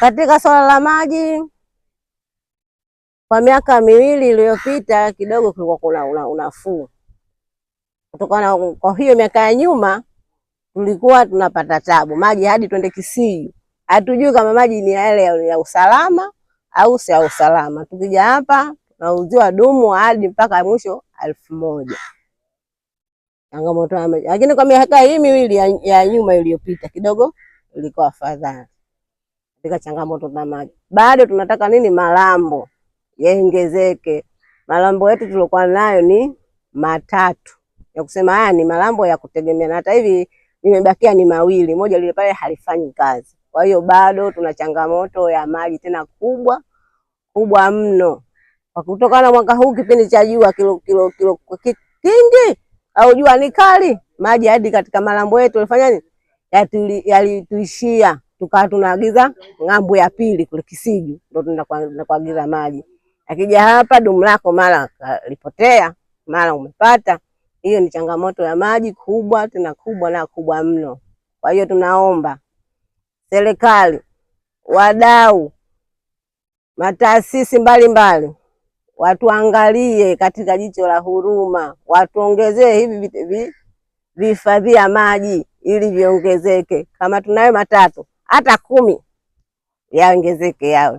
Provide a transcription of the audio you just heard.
Katika swala la maji kwa miaka miwili iliyopita kidogo kulikuwa kuna una, unafuu kutokana. Kwa hiyo miaka ya nyuma tulikuwa tunapata tabu maji, hadi twende Kisii hatujui kama maji ni yale ya usalama au si ya usalama. Tukija hapa tunauziwa dumu hadi mpaka mwisho elfu moja changamoto. Lakini kwa miaka hii miwili ya, ya nyuma iliyopita kidogo ilikuwa afadhali katika changamoto za maji. Bado tunataka nini? Malambo yaongezeke. Malambo yetu tuliokuwa nayo ni matatu ya kusema haya ni malambo ya kutegemea, na hata hivi nimebakia ni mawili, moja lile pale halifanyi kazi. Kwa hiyo bado tuna changamoto ya maji tena kubwa kubwa mno, kwa kutokana na mwaka huu kipindi cha jua kilo kilo kilo kingi au jua ni kali, maji hadi katika malambo yetu yalifanya nini, yalituishia tukawa tunaagiza ng'ambo ya pili kule Kisiju, ndo tunaenda kuagiza maji. Akija hapa dumu lako mara kalipotea mara umepata. Hiyo ni changamoto ya maji kubwa, tena kubwa na kubwa mno. Kwa hiyo tunaomba serikali, wadau, mataasisi mbalimbali watuangalie katika jicho la huruma, watuongezee hivi vifadhia ya maji ili viongezeke. Kama tunayo matatu hata kumi yaongezeke yawe